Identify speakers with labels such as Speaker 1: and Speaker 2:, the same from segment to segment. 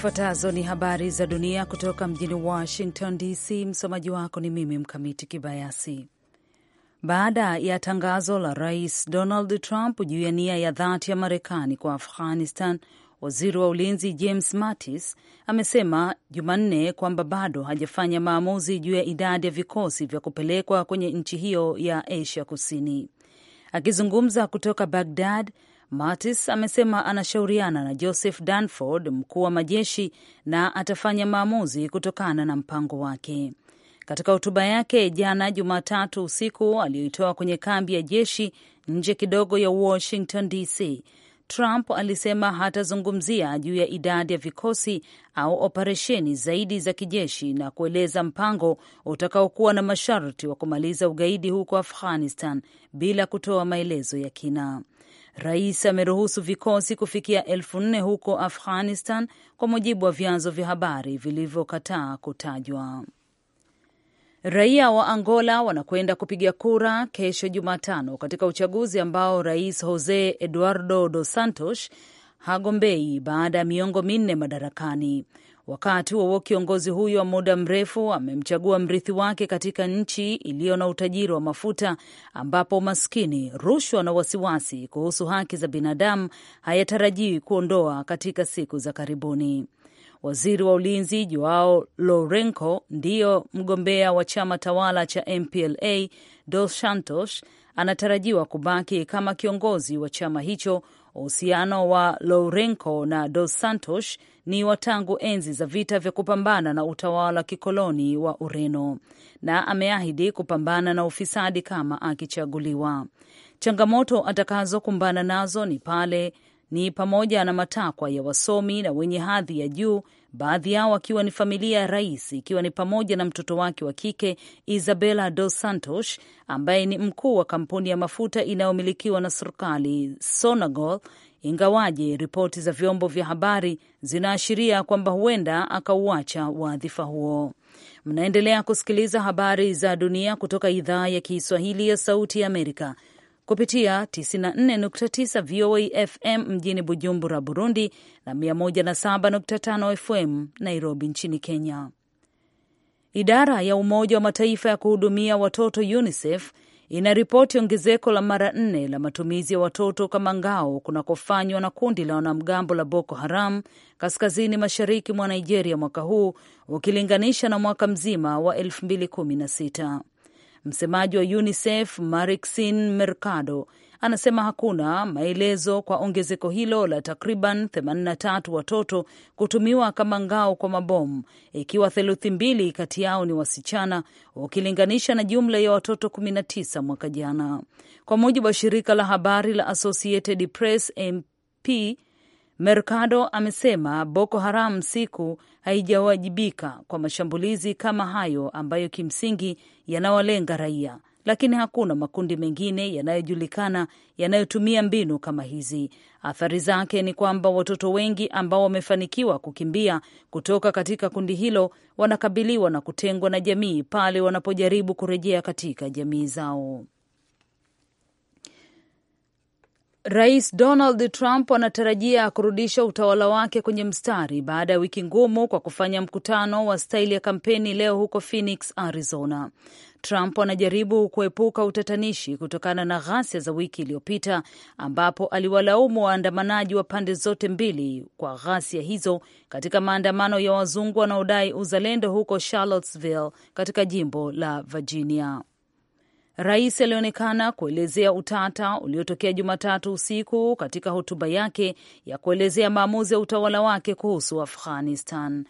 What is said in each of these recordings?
Speaker 1: Zifuatazo ni habari za dunia kutoka mjini Washington DC. Msomaji wako ni mimi Mkamiti Kibayasi. Baada ya tangazo la Rais Donald Trump juu ya nia ya dhati ya Marekani kwa Afghanistan, waziri wa ulinzi James Mattis amesema Jumanne kwamba bado hajafanya maamuzi juu ya idadi ya vikosi vya kupelekwa kwenye nchi hiyo ya Asia Kusini. Akizungumza kutoka Bagdad, Mattis amesema anashauriana na Joseph Dunford, mkuu wa majeshi, na atafanya maamuzi kutokana na mpango wake. Katika hotuba yake jana Jumatatu usiku aliyoitoa kwenye kambi ya jeshi nje kidogo ya Washington DC, Trump alisema hatazungumzia juu ya idadi ya vikosi au operesheni zaidi za kijeshi na kueleza mpango utakaokuwa na masharti wa kumaliza ugaidi huko Afghanistan bila kutoa maelezo ya kina. Rais ameruhusu vikosi kufikia elfu nne huko Afghanistan, kwa mujibu wa vyanzo vya habari vilivyokataa kutajwa. Raia wa Angola wanakwenda kupiga kura kesho Jumatano katika uchaguzi ambao rais Jose Eduardo Dos Santos hagombei baada ya miongo minne madarakani. Wakati huo kiongozi huyo wa muda mrefu amemchagua mrithi wake katika nchi iliyo na utajiri wa mafuta ambapo umaskini, rushwa na wasiwasi kuhusu haki za binadamu hayatarajiwi kuondoa katika siku za karibuni. Waziri wa ulinzi Joao Lourenco ndiyo mgombea wa chama tawala cha MPLA. Dos Santos anatarajiwa kubaki kama kiongozi wa chama hicho Uhusiano wa Lourenco na Dos Santos ni wa tangu enzi za vita vya kupambana na utawala wa kikoloni wa Ureno, na ameahidi kupambana na ufisadi kama akichaguliwa. Changamoto atakazokumbana nazo ni pale ni pamoja na matakwa ya wasomi na wenye hadhi ya juu baadhi yao wakiwa ni familia ya rais, ikiwa ni pamoja na mtoto wake wa kike Isabela Dos Santos ambaye ni mkuu wa kampuni ya mafuta inayomilikiwa na serikali Sonangol, ingawaje ripoti za vyombo vya habari zinaashiria kwamba huenda akauacha wadhifa huo. Mnaendelea kusikiliza habari za dunia kutoka idhaa ya Kiswahili ya Sauti ya Amerika kupitia 94.9 VOA FM mjini Bujumbura, Burundi na 107.5 FM Nairobi nchini Kenya. Idara ya Umoja wa Mataifa ya kuhudumia watoto UNICEF inaripoti ongezeko la mara nne la matumizi ya watoto kama ngao kunakofanywa na kundi la wanamgambo la Boko Haram kaskazini mashariki mwa Nigeria mwaka huu ukilinganisha na mwaka mzima wa 2016. Msemaji wa UNICEF Marixin Mercado anasema hakuna maelezo kwa ongezeko hilo la takriban 83 watoto kutumiwa kama ngao kwa mabomu, ikiwa theluthi mbili kati yao ni wasichana, ukilinganisha na jumla ya watoto 19 mwaka jana, kwa mujibu wa shirika la habari la Associated Press. MP Mercado amesema Boko Haram siku haijawajibika kwa mashambulizi kama hayo ambayo kimsingi yanawalenga raia, lakini hakuna makundi mengine yanayojulikana yanayotumia mbinu kama hizi. Athari zake ni kwamba watoto wengi ambao wamefanikiwa kukimbia kutoka katika kundi hilo wanakabiliwa na kutengwa na jamii pale wanapojaribu kurejea katika jamii zao. Rais Donald Trump anatarajia kurudisha utawala wake kwenye mstari baada ya wiki ngumu kwa kufanya mkutano wa staili ya kampeni leo huko Phoenix, Arizona. Trump anajaribu kuepuka utatanishi kutokana na ghasia za wiki iliyopita ambapo aliwalaumu waandamanaji wa pande zote mbili kwa ghasia hizo katika maandamano ya wazungu wanaodai uzalendo huko Charlottesville katika jimbo la Virginia. Rais alionekana kuelezea utata uliotokea Jumatatu usiku katika hotuba yake ya kuelezea maamuzi ya utawala wake kuhusu Afghanistan.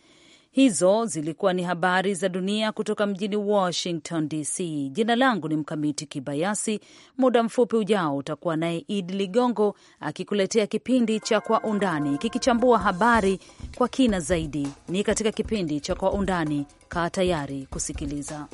Speaker 1: Hizo zilikuwa ni habari za dunia kutoka mjini Washington DC. Jina langu ni Mkamiti Kibayasi. Muda mfupi ujao utakuwa naye Idi Ligongo akikuletea kipindi cha Kwa Undani kikichambua habari kwa kina zaidi. Ni katika kipindi cha Kwa Undani. Kaa tayari kusikiliza.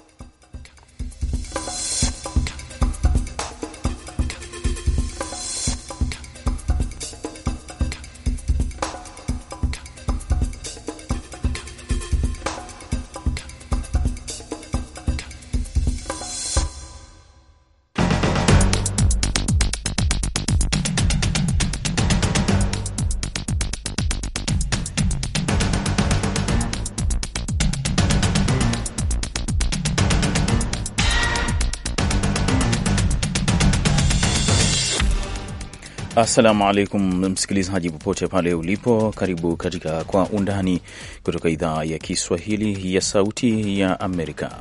Speaker 2: Assalamu alaikum msikilizaji, popote pale ulipo, karibu katika Kwa Undani kutoka idhaa ya Kiswahili ya Sauti ya Amerika.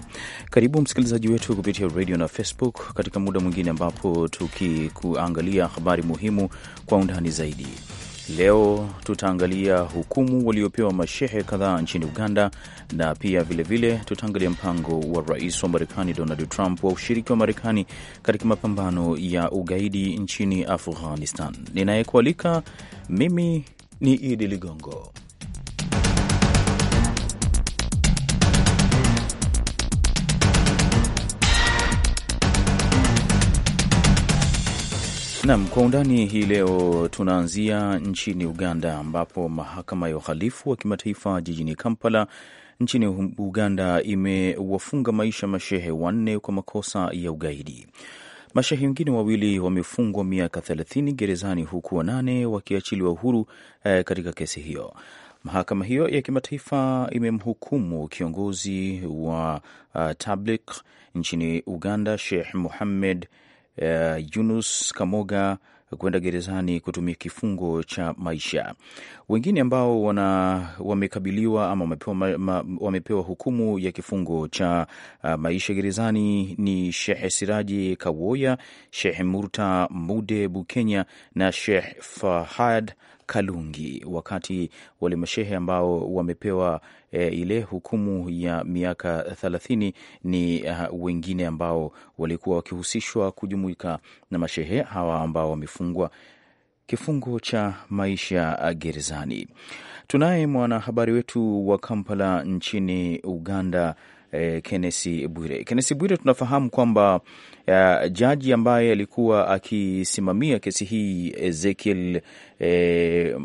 Speaker 2: Karibu msikilizaji wetu kupitia radio na Facebook katika muda mwingine ambapo tukikuangalia habari muhimu kwa undani zaidi. Leo tutaangalia hukumu waliopewa mashehe kadhaa nchini Uganda, na pia vilevile tutaangalia mpango wa rais wa Marekani Donald Trump wa ushiriki wa Marekani katika mapambano ya ugaidi nchini Afghanistan. Ninayekualika mimi ni Idi Ligongo. Nam kwa undani hii leo, tunaanzia nchini Uganda ambapo mahakama ya uhalifu wa kimataifa jijini Kampala nchini Uganda imewafunga maisha mashehe wanne kwa makosa ya ugaidi. Mashehe wengine wawili wamefungwa miaka 30 gerezani huku wanane wakiachiliwa uhuru eh, katika kesi hiyo. Mahakama hiyo ya kimataifa imemhukumu kiongozi wa uh, Tablik nchini Uganda Sheikh Muhammed uh, Yunus Kamoga kwenda gerezani kutumia kifungo cha maisha. Wengine ambao wana wamekabiliwa ama wamepewa, ma, ma, wamepewa hukumu ya kifungo cha uh, maisha gerezani ni shehe Siraji Kawoya, Shehe Murta Mude Bukenya na Sheikh Fahad Kalungi wakati wale mashehe ambao wamepewa e, ile hukumu ya miaka thelathini ni uh, wengine ambao walikuwa wakihusishwa kujumuika na mashehe hawa ambao wamefungwa kifungo cha maisha gerezani. Tunaye mwanahabari wetu wa Kampala nchini Uganda eh, Kennesi Bwire. kenesi Bwire, tunafahamu kwamba uh, jaji ambaye alikuwa akisimamia kesi hii Ezekiel eh,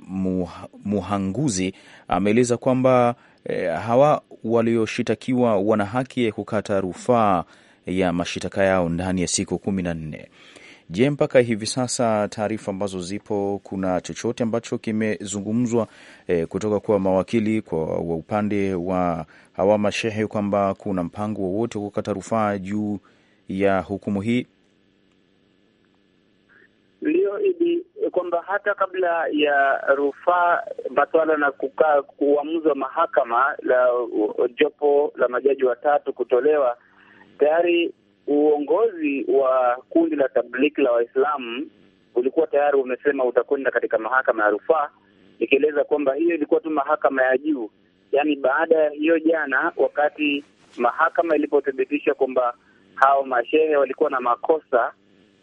Speaker 2: Muhanguzi ameeleza kwamba eh, hawa walioshitakiwa wana haki ya kukata rufaa ya mashitaka yao ndani ya siku kumi na nne. Je, mpaka hivi sasa taarifa ambazo zipo, kuna chochote ambacho kimezungumzwa e, kutoka kwa mawakili kwa wa upande wa hawa Shehe kwamba kuna mpango wowote wa kukata rufaa juu ya hukumu hii?
Speaker 3: Ndio, Idi, kwamba hata kabla ya rufaa maswala na kukaa uamuzi wa mahakama la jopo la majaji watatu kutolewa tayari uongozi wa kundi la Tabliki la Waislamu ulikuwa tayari umesema utakwenda katika mahakama ya rufaa, ikieleza kwamba hiyo ilikuwa tu mahakama ya juu. Yaani baada ya hiyo jana, wakati mahakama ilipothibitisha kwamba hao mashehe walikuwa na makosa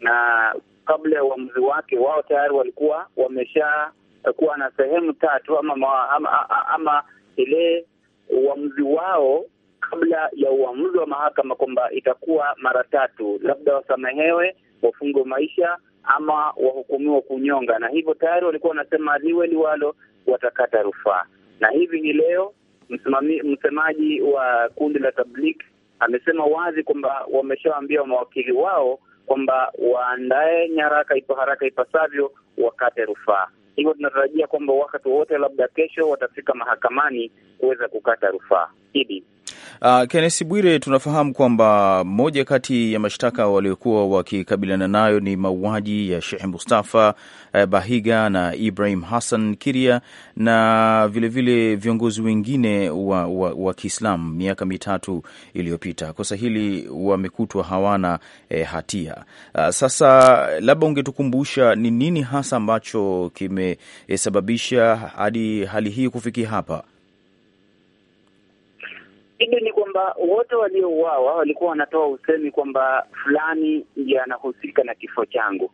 Speaker 3: na kabla ya uamuzi wake wao tayari walikuwa wameshakuwa na sehemu tatu ama, ama, ama, ama ile uamuzi wao kabla ya uamuzi wa mahakama kwamba itakuwa mara tatu, labda wasamehewe, wafungwe maisha ama wahukumiwe kunyonga, na hivyo tayari walikuwa wanasema liwe liwalo, watakata rufaa. Na hivi hii leo msemaji wa kundi la Tablik amesema wazi kwamba wameshawaambia mawakili wao kwamba waandae nyaraka ipo haraka ipasavyo, wakate rufaa. Hivyo tunatarajia kwamba wakati wowote, labda kesho, watafika mahakamani kuweza kukata rufaa hidi
Speaker 2: Uh, Kennesi Bwire, tunafahamu kwamba moja kati ya mashtaka waliokuwa wakikabiliana nayo ni mauaji ya Sheikh Mustafa eh, Bahiga na Ibrahim Hassan Kiria na vilevile viongozi wengine wa, wa, wa Kiislamu miaka mitatu iliyopita. Kosa hili wamekutwa hawana eh, hatia. Uh, sasa labda ungetukumbusha ni nini hasa ambacho kimesababisha eh, hadi hali hii kufikia hapa?
Speaker 3: Hili ni kwamba wote waliouawa walikuwa wanatoa usemi kwamba fulani ndiye anahusika na kifo changu.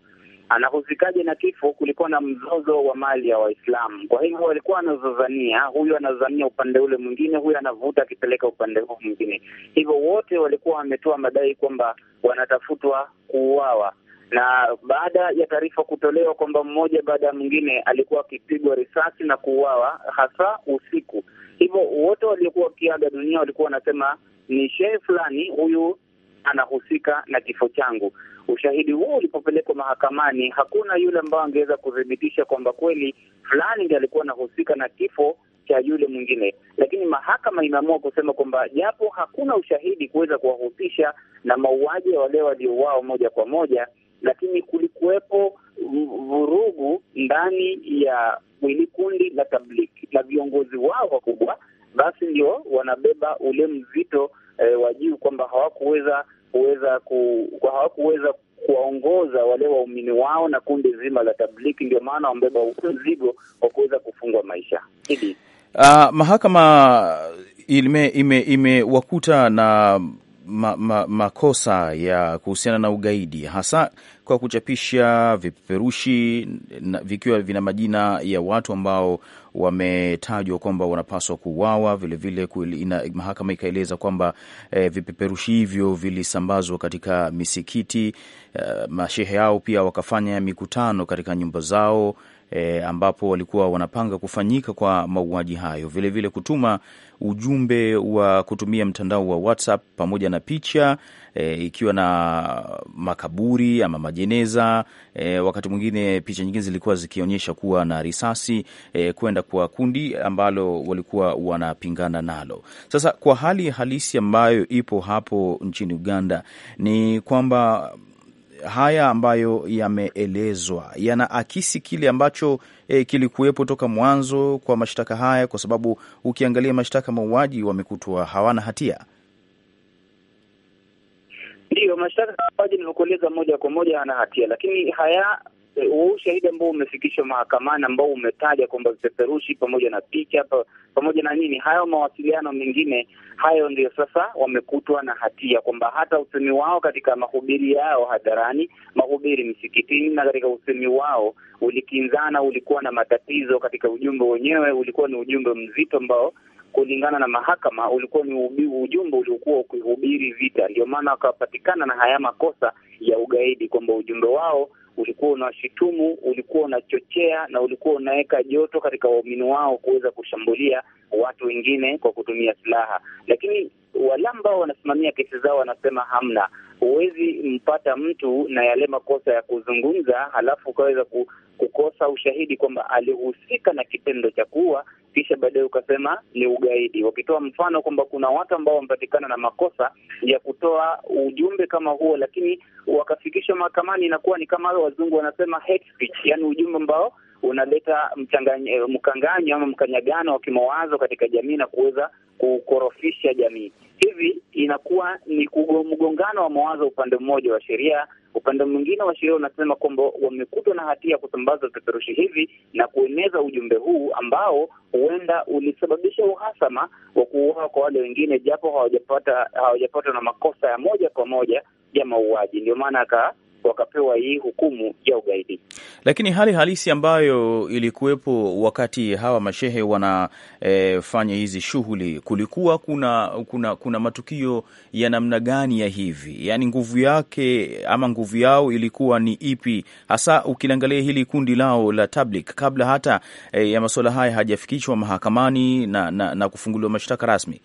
Speaker 3: Anahusikaje na kifo? Kulikuwa na mzozo wa mali ya Waislamu, kwa hivyo walikuwa wanazozania, huyu anazania upande ule mwingine, huyu anavuta akipeleka upande huu mwingine. Hivyo wote walikuwa wametoa madai kwamba wanatafutwa kuuawa na baada ya taarifa kutolewa kwamba mmoja baada ya mwingine alikuwa akipigwa risasi na kuuawa, hasa usiku, Hivyo wote waliokuwa wakiaga dunia walikuwa wanasema ni shehe fulani huyu anahusika na kifo changu. Ushahidi huo ulipopelekwa mahakamani, hakuna yule ambaye angeweza kuthibitisha kwamba kweli fulani ndiye alikuwa anahusika na kifo cha yule mwingine, lakini mahakama imeamua kusema kwamba japo hakuna ushahidi kuweza kuwahusisha na mauaji ya wale waliouawa moja kwa moja, lakini kulikuwepo vurugu ndani ya hili kundi la Tabliki na viongozi wao wakubwa, basi ndio wanabeba ule mzito e, wa juu kwamba hawakuweza kuweza ku, hawakuweza kuwaongoza wale waumini wao na kundi zima la Tabliki, ndio maana wamebeba mzigo wa kuweza kufungwa maisha hili.
Speaker 2: Uh, mahakama ime- imewakuta na ma, ma, makosa ya kuhusiana na ugaidi hasa kwa kuchapisha vipeperushi vikiwa vina majina ya watu ambao wametajwa kwamba wanapaswa kuuawa. Vilevile mahakama ikaeleza kwamba e, vipeperushi hivyo vilisambazwa katika misikiti e, mashehe yao pia wakafanya mikutano katika nyumba zao e, ambapo walikuwa wanapanga kufanyika kwa mauaji hayo, vilevile vile kutuma ujumbe wa kutumia mtandao wa WhatsApp pamoja na picha e, ikiwa na makaburi ama majeneza e, wakati mwingine picha nyingine zilikuwa zikionyesha kuwa na risasi e, kwenda kwa kundi ambalo walikuwa wanapingana nalo. Sasa kwa hali halisi ambayo ipo hapo nchini Uganda ni kwamba haya ambayo yameelezwa yanaakisi kile ambacho e, kilikuwepo toka mwanzo kwa mashtaka haya, kwa sababu ukiangalia mashtaka mauaji wamekutwa hawana hatia.
Speaker 3: Ndiyo, mashtaka mauaji nimekueleza moja kwa moja hana hatia, lakini haya huu ushahidi ambao umefikishwa mahakamani ambao umetaja kwamba vipeperushi pamoja na picha pa, pamoja na nini, hayo mawasiliano mengine hayo ndio sasa wamekutwa na hatia, kwamba hata usemi wao katika mahubiri yao hadharani, mahubiri msikitini na katika usemi wao ulikinzana, ulikuwa na matatizo katika ujumbe wenyewe, ulikuwa ni ujumbe mzito ambao kulingana na mahakama ulikuwa ni ujumbe uliokuwa ukihubiri vita. Ndio maana wakapatikana na haya makosa ya ugaidi, kwamba ujumbe wao ulikuwa unawashitumu, ulikuwa unachochea na ulikuwa unaweka joto katika waumini wao kuweza kushambulia watu wengine kwa kutumia silaha, lakini wale ambao wanasimamia kesi zao wanasema hamna huwezi mpata mtu na yale makosa ya kuzungumza halafu ukaweza ku, kukosa ushahidi kwamba alihusika na kitendo cha kuua, kisha baadaye ukasema ni ugaidi, wakitoa mfano kwamba kuna watu ambao wamepatikana na makosa ya kutoa ujumbe kama huo, lakini wakafikishwa mahakamani, inakuwa ni kama wazungu wanasema hate speech, yani ujumbe ambao unaleta eh, mkanganyo ama mkanyagano wa kimawazo katika jamii na kuweza kukorofisha jamii hivi inakuwa ni mgongano wa mawazo. Upande mmoja wa sheria, upande mwingine wa sheria unasema kwamba wamekutwa na hatia ya kusambaza vipeperushi hivi na kueneza ujumbe huu ambao huenda ulisababisha uhasama wa kuuawa kwa wale wengine, japo hawajapata hawajapatwa na makosa ya moja kwa moja ya mauaji. Ndio maana wakapewa hii hukumu ya ugaidi.
Speaker 2: Lakini hali halisi ambayo ilikuwepo wakati hawa mashehe wanafanya eh, e, hizi shughuli, kulikuwa kuna kuna kuna matukio ya namna gani ya hivi, yaani nguvu yake ama nguvu yao ilikuwa ni ipi hasa, ukiliangalia hili kundi lao la Tablik kabla hata e, ya masuala haya hajafikishwa mahakamani na, na, na kufunguliwa mashtaka rasmi.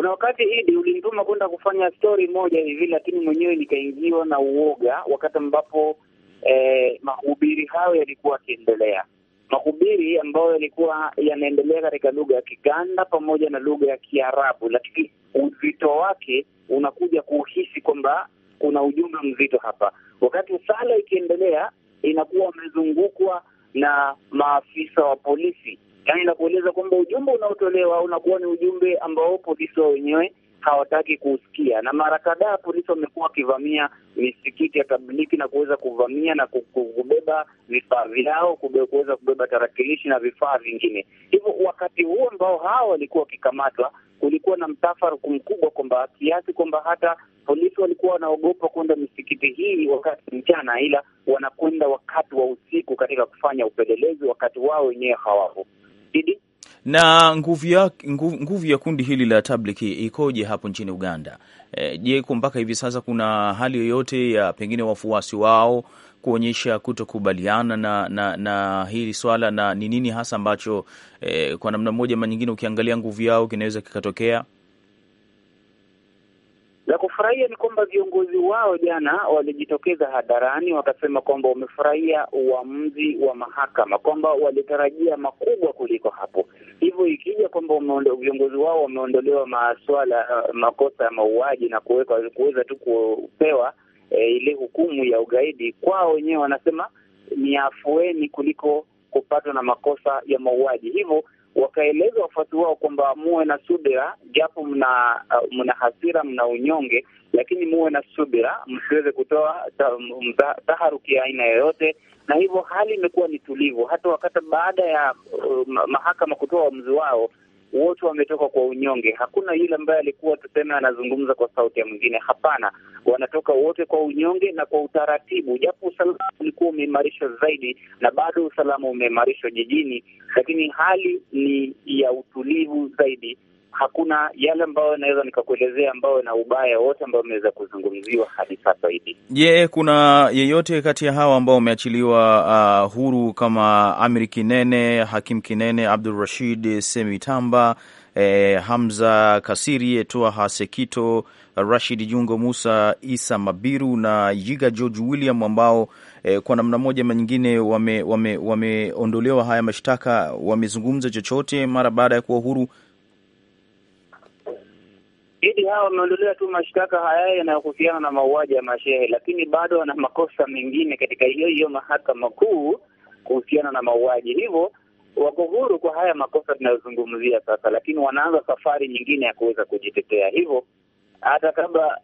Speaker 3: Kuna wakati Idi ulinituma kwenda kufanya stori moja hivi, lakini mwenyewe nikaingiwa na uoga wakati ambapo eh, mahubiri hayo yalikuwa yakiendelea, mahubiri ambayo yalikuwa yanaendelea katika lugha ya Kiganda pamoja na lugha ya Kiarabu, lakini uzito wake unakuja kuhisi kwamba kuna ujumbe mzito hapa. Wakati sala ikiendelea, inakuwa wamezungukwa na maafisa wa polisi yani, na kueleza kwamba ujumbe unaotolewa unakuwa ni ujumbe ambao polisi wao wenyewe hawataki kuusikia, na mara kadhaa polisi wamekuwa wakivamia misikiti ya Katoliki na kuweza kuvamia na kubeba vifaa vyao, kuweza kubeba tarakilishi na vifaa vingine. Hivyo wakati huo ambao hawa walikuwa wakikamatwa, kulikuwa na mtafaruku mkubwa, kwamba kiasi kwamba hata polisi walikuwa wanaogopa kwenda misikiti hii wakati mchana, ila wanakwenda wakati wa usiku katika kufanya upelelezi wakati wao wenyewe hawapo. Didi
Speaker 2: na nguvu ya, nguvu, nguvu ya kundi hili la Tabliki ikoje hapo nchini Uganda? E, je, mpaka hivi sasa kuna hali yoyote ya pengine wafuasi wao kuonyesha kutokubaliana na, na, na hili swala na ni nini hasa ambacho e, kwa namna moja ama nyingine ukiangalia nguvu yao kinaweza kikatokea?
Speaker 3: La kufurahia ni kwamba viongozi wao jana walijitokeza hadharani wakasema kwamba wamefurahia uamuzi wa mahakama, kwamba walitarajia makubwa kuliko hapo. Hivyo ikija kwamba viongozi wao wameondolewa maswala uh, makosa ya mauaji na kuweka kuweza tu kupewa e, ile hukumu ya ugaidi, kwao wenyewe wanasema ni afueni kuliko kupatwa na makosa ya mauaji. Hivyo wakaeleza wafuasi wao kwamba muwe na subira, japo mna uh, mna hasira, mna unyonge, lakini muwe na subira, msiweze kutoa taharuki ya aina yoyote. Na hivyo hali imekuwa ni tulivu, hata wakati baada ya uh, mahakama kutoa uamuzi wao wote wametoka kwa unyonge. Hakuna yule ambaye alikuwa tuseme anazungumza kwa sauti ya mwingine, hapana, wanatoka wote kwa unyonge na kwa utaratibu, japo usalama ulikuwa umeimarishwa zaidi, na bado usalama umeimarishwa jijini, lakini hali ni ya utulivu zaidi hakuna yale ambayo naweza nikakuelezea ambayo na ubaya wote ambao umeweza kuzungumziwa hadi sasa hivi.
Speaker 2: Je, kuna yeyote kati ya hawa ambao wameachiliwa uh, huru kama Amir Kinene, Hakim Kinene, Abdul Rashid Semitamba, eh, Hamza Kasiri, Etoa Hasekito, Rashid Jungo, Musa Isa Mabiru na Yiga George William ambao eh, kwa namna moja ama nyingine wameondolewa wame, wame haya mashtaka, wamezungumza chochote mara baada ya kuwa huru?
Speaker 3: Idi hawa wameondolea tu mashtaka haya yanayohusiana na mauaji ya mashehe, lakini bado wana makosa mengine katika hiyo hiyo mahakama kuu kuhusiana na mauaji, hivyo wako huru kwa haya makosa tunayozungumzia sasa, lakini wanaanza safari nyingine ya kuweza kujitetea. Hivyo hata kabla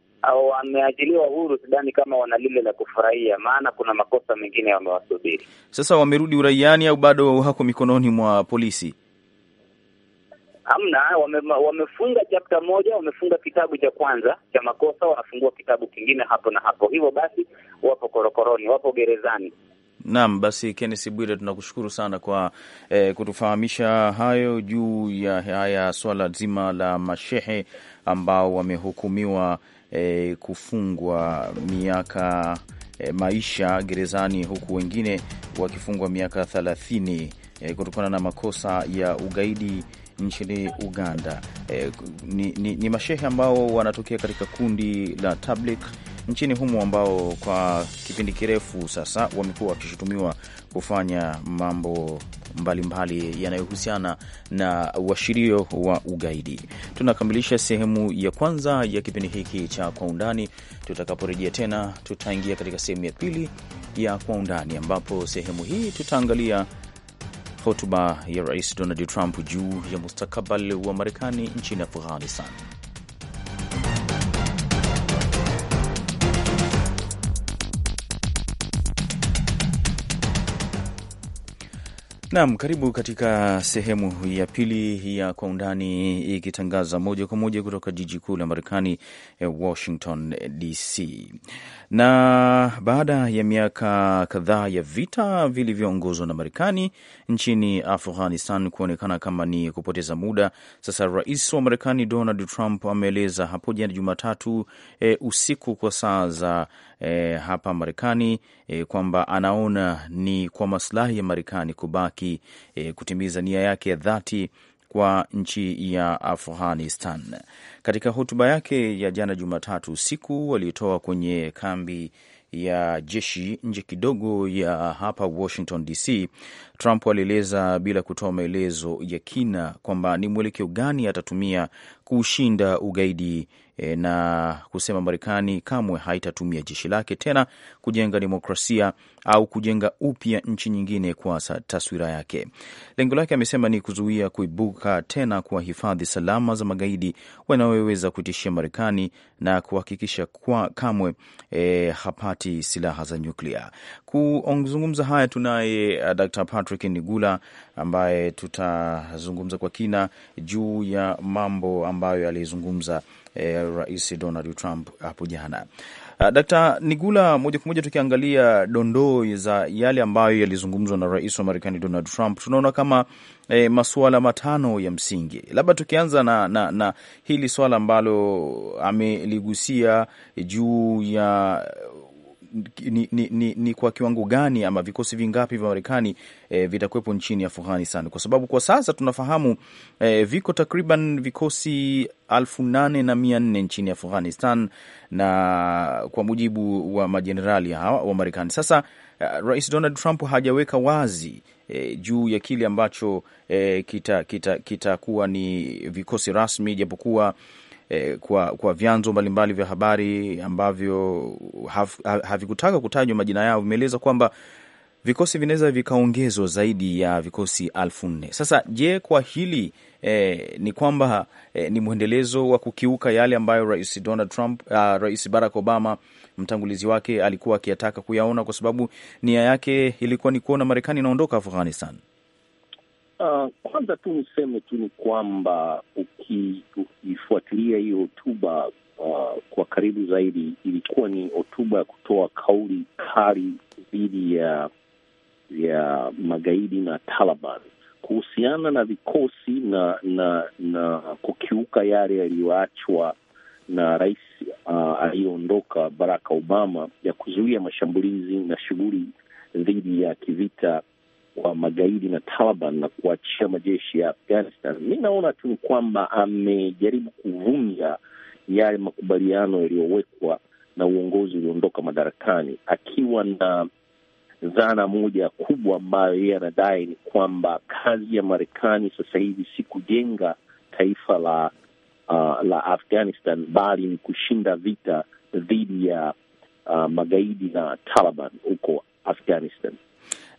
Speaker 3: wameachiliwa huru, sidhani kama wana lile la kufurahia, maana kuna makosa mengine wamewasubiri.
Speaker 2: Sasa wamerudi uraiani au bado wako mikononi mwa polisi?
Speaker 3: Hamna, wame, wamefunga chapta moja, wamefunga kitabu cha kwanza cha makosa, wanafungua kitabu kingine hapo na hapo. Hivyo basi wapo korokoroni, wapo gerezani.
Speaker 2: Naam, basi Kenneth Bwire, tunakushukuru sana kwa eh, kutufahamisha hayo juu ya haya swala zima la mashehe ambao wamehukumiwa eh, kufungwa miaka eh, maisha gerezani huku wengine wakifungwa miaka thelathini eh, kutokana na makosa ya ugaidi nchini Uganda. E, ni, ni, ni mashehe ambao wanatokea katika kundi la Tabligh nchini humo ambao kwa kipindi kirefu sasa wamekuwa wakishutumiwa kufanya mambo mbalimbali yanayohusiana na uashirio wa ugaidi. Tunakamilisha sehemu ya kwanza ya kipindi hiki cha Kwa Undani. Tutakaporejea tena, tutaingia katika sehemu ya pili ya Kwa Undani, ambapo sehemu hii tutaangalia hotuba ya Rais Donald Trump juu ya mustakabali wa Marekani nchini Afghanistan. Naam, karibu katika sehemu ya pili ya Kwa Undani, ikitangaza moja kwa moja kutoka jiji kuu la Marekani, eh, Washington eh, DC. Na baada ya miaka kadhaa ya vita vilivyoongozwa na Marekani nchini Afghanistan kuonekana kama ni kupoteza muda, sasa rais wa Marekani Donald Trump ameeleza hapo jana Jumatatu e, usiku kwa saa za e, hapa Marekani e, kwamba anaona ni kwa masilahi ya Marekani kubaki haki e, kutimiza nia yake ya dhati kwa nchi ya Afghanistan. Katika hotuba yake ya jana Jumatatu usiku walitoa kwenye kambi ya jeshi nje kidogo ya hapa Washington DC, Trump alieleza bila kutoa maelezo ya kina kwamba ni mwelekeo gani atatumia kuushinda ugaidi e, na kusema Marekani kamwe haitatumia jeshi lake tena kujenga demokrasia au kujenga upya nchi nyingine kwa taswira yake. Lengo lake, amesema, ni kuzuia kuibuka tena kwa hifadhi salama za magaidi wanaoweza kutishia Marekani na kuhakikisha kwa kamwe e, hapati kudhibiti silaha za nyuklia. Kuzungumza haya tunaye d uh, Dr. Patrick Nigula ambaye tutazungumza kwa kina juu ya mambo ambayo alizungumza eh, Rais Donald Trump hapo jana. Uh, Nigula, moja kwa moja tukiangalia dondoo za yale ambayo yalizungumzwa na rais wa Marekani Donald Trump, tunaona kama eh, masuala matano ya msingi, labda tukianza na, na, na hili swala ambalo ameligusia juu ya ni, ni, ni, ni kwa kiwango gani ama vikosi vingapi vya Marekani e, vitakuwepo nchini Afghanistan, kwa sababu kwa sasa tunafahamu e, viko takriban vikosi alfu nane na mia nne nchini Afghanistan na kwa mujibu wa majenerali hawa wa Marekani. Sasa eh, Rais Donald Trump hajaweka wazi E, juu ya kile ambacho e, kitakuwa kita, kita ni vikosi rasmi, japokuwa eh, kwa, kwa vyanzo mbalimbali vya habari ambavyo havikutaka ha, kutajwa majina yao vimeeleza kwamba vikosi vinaweza vikaongezwa zaidi ya vikosi alfu nne. Sasa je, kwa hili eh, ni kwamba eh, ni mwendelezo wa kukiuka yale ambayo rais Donald Trump, uh, rais Barack Obama mtangulizi wake alikuwa akiyataka kuyaona, kwa sababu nia yake ilikuwa ni kuona Marekani inaondoka Afghanistan.
Speaker 4: Uh, kwanza tu niseme tu ni kwamba ukifuatilia hii hotuba uh, kwa karibu zaidi, ilikuwa ni hotuba ya kutoa kauli kali dhidi ya ya magaidi na Taliban kuhusiana na vikosi na na na kukiuka yale yaliyoachwa na rais uh, aliyeondoka Barack Obama ya kuzuia mashambulizi na shughuli dhidi ya kivita wa magaidi na Taliban na kuachia majeshi ya Afghanistan, mi naona tu ni kwamba amejaribu kuvunja yale makubaliano yaliyowekwa na uongozi ulioondoka madarakani, akiwa na dhana moja kubwa ambayo yeye anadai ni kwamba kazi ya Marekani sasa hivi si kujenga taifa la uh, la Afghanistan bali ni kushinda vita dhidi ya uh, magaidi na Taliban huko Afghanistan.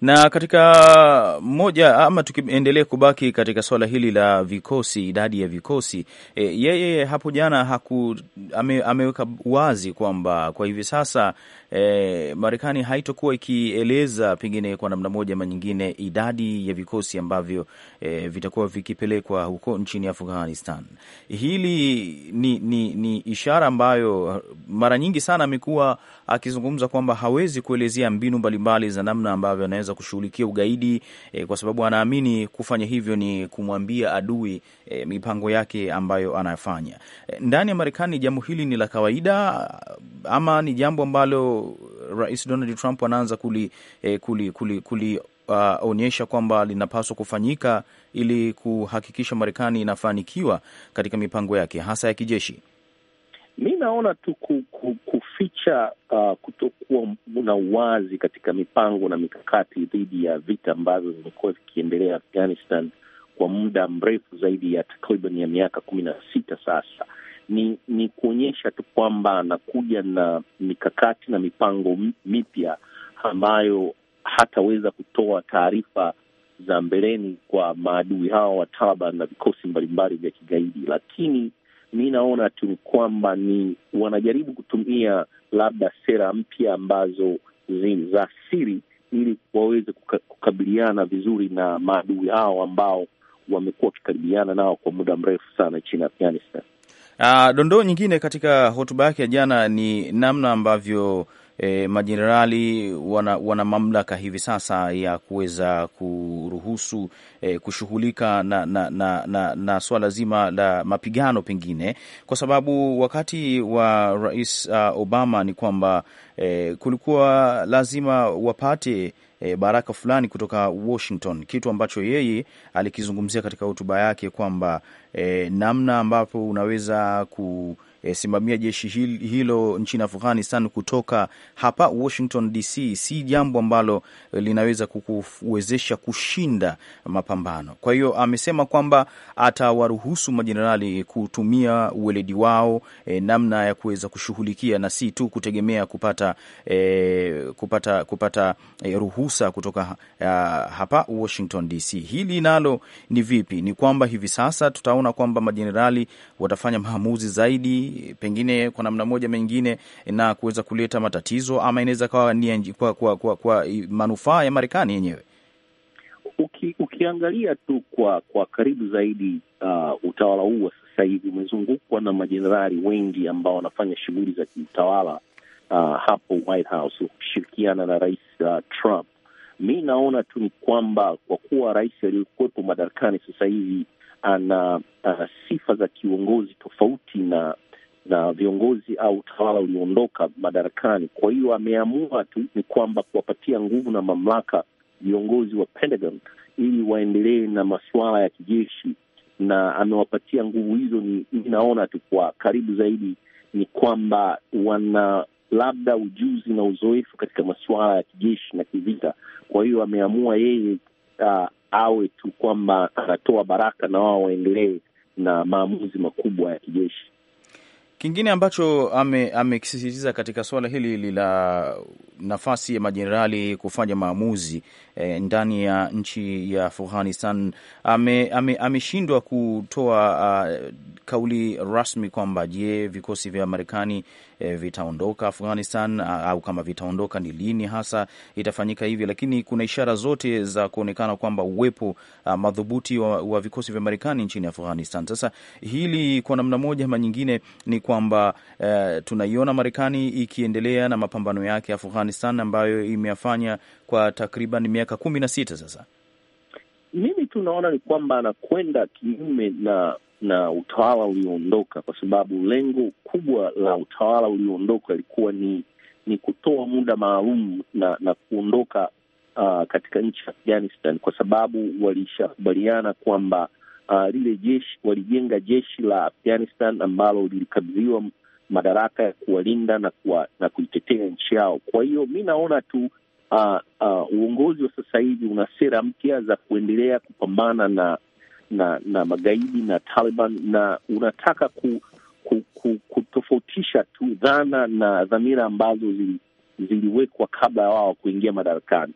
Speaker 2: Na katika moja ama, tukiendelea kubaki katika swala hili la vikosi, idadi ya vikosi e, yeye hapo jana haku, ame, ameweka wazi kwamba kwa hivi sasa e, Marekani haitokuwa ikieleza pengine kwa namna moja ama nyingine idadi ya vikosi ambavyo e, vitakuwa vikipelekwa huko nchini Afghanistan. Hili ni, ni, ni ishara ambayo mara nyingi sana amekuwa akizungumza kwamba hawezi kuelezea mbinu mbalimbali za namna ambavyo anaweza kushughulikia ugaidi e, kwa sababu anaamini kufanya hivyo ni kumwambia adui e, mipango yake ambayo anafanya e, eh, ndani ya Marekani. Jambo hili ni la kawaida ama ni jambo ambalo Rais Donald Trump anaanza kuli, e, kuli, kuli, kuli Uh, kwamba linapaswa kufanyika ili kuhakikisha Marekani inafanikiwa katika mipango yake hasa ya kijeshi.
Speaker 4: Mi naona tu kuficha uh, kutokuwa na uwazi katika mipango na mikakati dhidi ya vita ambavyo vimekuwa vikiendelea Afghanistan kwa muda mrefu zaidi ya takriban ya miaka kumi na sita sasa, ni ni kuonyesha tu kwamba anakuja na mikakati na mipango mipya ambayo hataweza kutoa taarifa za mbeleni kwa maadui hawa wa Taliban na vikosi mbalimbali vya kigaidi, lakini mi naona tu ni kwamba ni wanajaribu kutumia labda sera mpya ambazo za siri ili waweze kukabiliana vizuri na maadui hao ambao wamekuwa wakikaribiana nao kwa muda mrefu sana nchini Afghanistan.
Speaker 2: Uh, dondoo nyingine katika hotuba yake ya jana ni namna ambavyo e, majenerali wana, wana mamlaka hivi sasa ya kuweza kuruhusu e, kushughulika na, na, na, na, na swala zima la mapigano pengine, kwa sababu wakati wa Rais uh, Obama ni kwamba e, kulikuwa lazima wapate E, baraka fulani kutoka Washington, kitu ambacho yeye alikizungumzia katika hotuba yake kwamba e, namna ambapo unaweza ku e, simamia jeshi hilo nchini Afghanistan kutoka hapa Washington DC, si jambo ambalo eh, linaweza kukuwezesha kushinda mapambano. Kwa hiyo amesema kwamba atawaruhusu majenerali kutumia uweledi wao, e, namna ya kuweza kushughulikia na si tu kutegemea kupata, e, kupata, kupata e, ruhusa kutoka a, ah, hapa Washington DC. Hili nalo ni vipi? Ni kwamba hivi sasa tutaona kwamba majenerali watafanya maamuzi zaidi pengine kwa namna moja mengine, na kuweza kuleta matatizo ama inaweza kawa ni kwa, kwa, kwa, kwa manufaa ya Marekani yenyewe.
Speaker 4: Uki, ukiangalia tu kwa kwa karibu zaidi uh, utawala huu wa sasa hivi umezungukwa na majenerali wengi ambao wanafanya shughuli za kiutawala uh, hapo White House kushirikiana na rais uh, Trump. Mi naona tu ni kwamba kwa kuwa rais aliyekuwepo madarakani sasa hivi ana, uh, sifa za kiongozi tofauti na na viongozi au utawala ulioondoka madarakani. Kwa hiyo ameamua tu ni kwamba kuwapatia nguvu na mamlaka viongozi wa Pentagon ili waendelee na masuala ya kijeshi, na amewapatia nguvu hizo. Ni inaona tu kwa karibu zaidi ni kwamba wana labda ujuzi na uzoefu katika masuala ya kijeshi na kivita. Kwa hiyo ameamua yeye uh, awe tu kwamba anatoa baraka na wao waendelee na maamuzi makubwa ya kijeshi.
Speaker 2: Kingine ambacho amekisisitiza ame katika suala hili la nafasi ya majenerali kufanya maamuzi e, ndani ya nchi ya Afghanistan ameshindwa ame, ame kutoa uh, kauli rasmi kwamba je, vikosi vya Marekani e, vitaondoka Afghanistan au kama vitaondoka ni lini hasa itafanyika hivi, lakini kuna ishara zote za kuonekana kwamba uwepo madhubuti wa, wa vikosi vya Marekani nchini Afghanistan. Sasa hili kwa namna moja ama nyingine ni kwamba e, tunaiona Marekani ikiendelea na mapambano yake Afghanistan ambayo imeyafanya kwa takriban miaka kumi na sita sasa.
Speaker 4: Mimi tunaona ni kwamba anakwenda kinyume na na utawala ulioondoka, kwa sababu lengo kubwa la utawala ulioondoka ilikuwa ni ni kutoa muda maalum na na kuondoka uh, katika nchi ya Afghanistan kwa sababu walishakubaliana kwamba uh, lile jeshi walijenga jeshi la Afghanistan ambalo lilikabidhiwa madaraka ya kuwalinda na kuwa, na kuitetea nchi yao. Kwa hiyo mi naona tu uh, uh, uongozi wa sasa hivi una sera mpya za kuendelea kupambana na na na magaidi na Taliban, na unataka ku, ku, ku, kutofautisha tu dhana na dhamira ambazo zili, ziliwekwa kabla ya wao kuingia madarakani.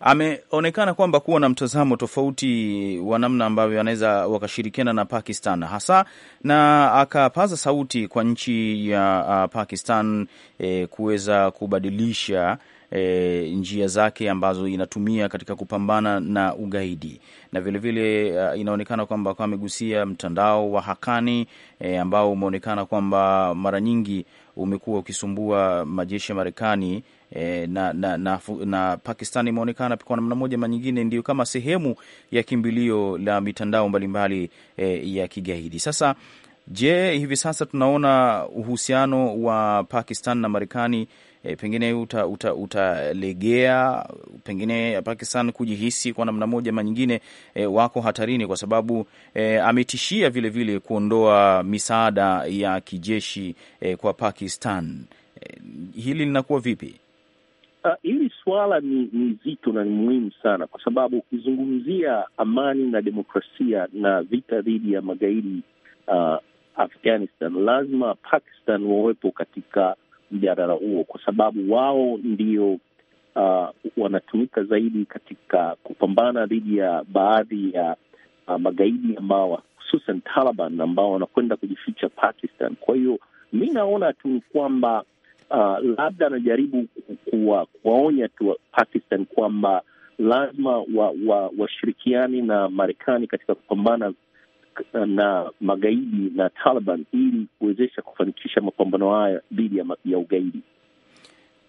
Speaker 2: Ameonekana kwamba kuwa na mtazamo tofauti wa namna ambavyo anaweza wakashirikiana na Pakistan hasa, na akapaza sauti kwa nchi ya uh, Pakistan eh, kuweza kubadilisha e, njia zake ambazo inatumia katika kupambana na ugaidi na vilevile vile, e, inaonekana kwamba kwa amegusia mtandao wa Hakani e, ambao umeonekana kwamba mara nyingi umekuwa ukisumbua majeshi ya Marekani e, na, na, na, na Pakistan imeonekana kwa namna moja ma nyingine ndio kama sehemu ya kimbilio la mitandao mbalimbali e, ya kigaidi sasa Je, hivi sasa tunaona uhusiano wa Pakistan na Marekani e, pengine utalegea uta, uta pengine Pakistan kujihisi kwa namna moja ama nyingine e, wako hatarini, kwa sababu e, ametishia vilevile vile kuondoa misaada ya kijeshi e, kwa Pakistan e, hili linakuwa vipi?
Speaker 4: Uh, hili swala ni, ni zito na ni muhimu sana kwa sababu ukizungumzia amani na demokrasia na vita dhidi ya magaidi uh, Afghanistan, lazima Pakistan wawepo katika mjadala huo, kwa sababu wao ndio uh, wanatumika zaidi katika kupambana dhidi ya baadhi ya uh, magaidi ambao hususan Taliban ambao wanakwenda kujificha Pakistan. Kwa hiyo mi naona tu ni kwamba uh, labda anajaribu kuwa, kuwaonya tu Pakistan kwamba lazima washirikiane wa, wa na Marekani katika kupambana na magaidi na Taliban ili kuwezesha kufanikisha mapambano haya dhidi ya, ya ugaidi.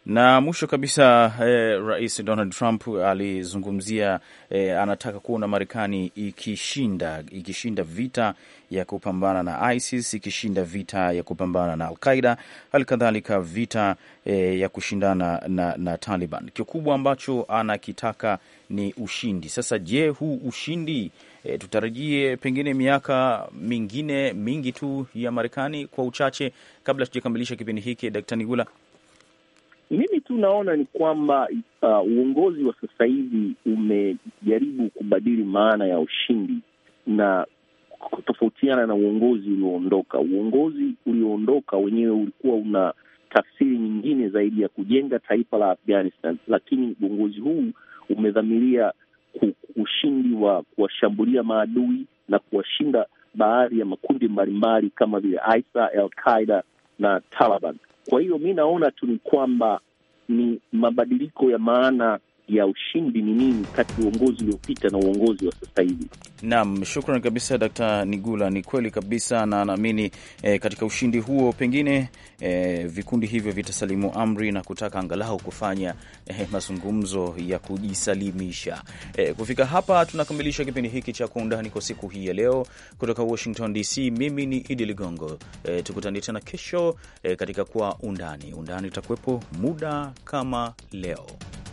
Speaker 2: Na mwisho kabisa eh, Rais Donald Trump alizungumzia eh, anataka kuona Marekani ikishinda ikishinda vita ya kupambana na ISIS, ikishinda vita ya kupambana na alqaida hali kadhalika vita eh, ya kushindana na, na Taliban. Kikubwa ambacho anakitaka ni ushindi. Sasa je, huu ushindi e, tutarajie pengine miaka mingine mingi tu ya Marekani kwa uchache. Kabla tujakamilisha kipindi hiki, Daktari Nigula,
Speaker 4: mimi tu naona ni kwamba uh, uongozi wa sasa hivi umejaribu kubadili maana ya ushindi na kutofautiana na uongozi ulioondoka. Uongozi ulioondoka wenyewe ulikuwa una tafsiri nyingine zaidi ya kujenga taifa la Afghanistan, lakini uongozi huu umedhamiria ushindi wa kuwashambulia maadui na kuwashinda baadhi ya makundi mbalimbali kama vile ISA, al Qaida na Taliban. Kwa hiyo mi naona tu ni kwamba ni mabadiliko ya maana ya ushindi ni nini kati ya uongozi
Speaker 2: uliopita na uongozi wa sasa hivi. Naam, shukran kabisa Dkt. Nigula, ni kweli kabisa na naamini e, katika ushindi huo pengine e, vikundi hivyo vitasalimu amri na kutaka angalau kufanya e, mazungumzo ya kujisalimisha. E, kufika hapa tunakamilisha kipindi hiki cha Kwa Undani kwa siku hii ya leo kutoka Washington DC. Mimi ni Idi Ligongo, e, tukutane tena kesho e, katika Kwa Undani. Undani utakuwepo muda kama leo.